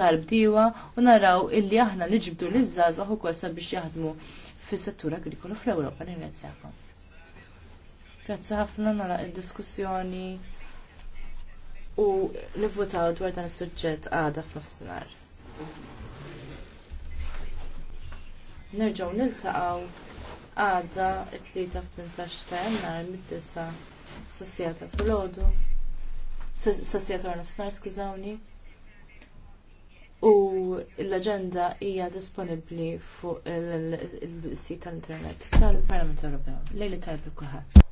tal-bdiewa u naraw illi aħna li ġibdu l żgħażagħ ukoll sabiex jaħdmu fis-settur agrikolu fl-Ewropa. Ringrazzjakom. Grazzi ħafna nagħlaq id-diskussjoni u l-votaw dwar dan is-suġġett għada f'nofsinhar. Nerġgħu niltaqgħu għada t tlieta f'18 ta' jannar mid-disa sassijata fil-ħodu, sassijata għarna f'snar, skużawni l-aġenda hija disponibbli fuq il-sit tal-internet tal-Parlament Ewropew. Lejli tajb kulħadd.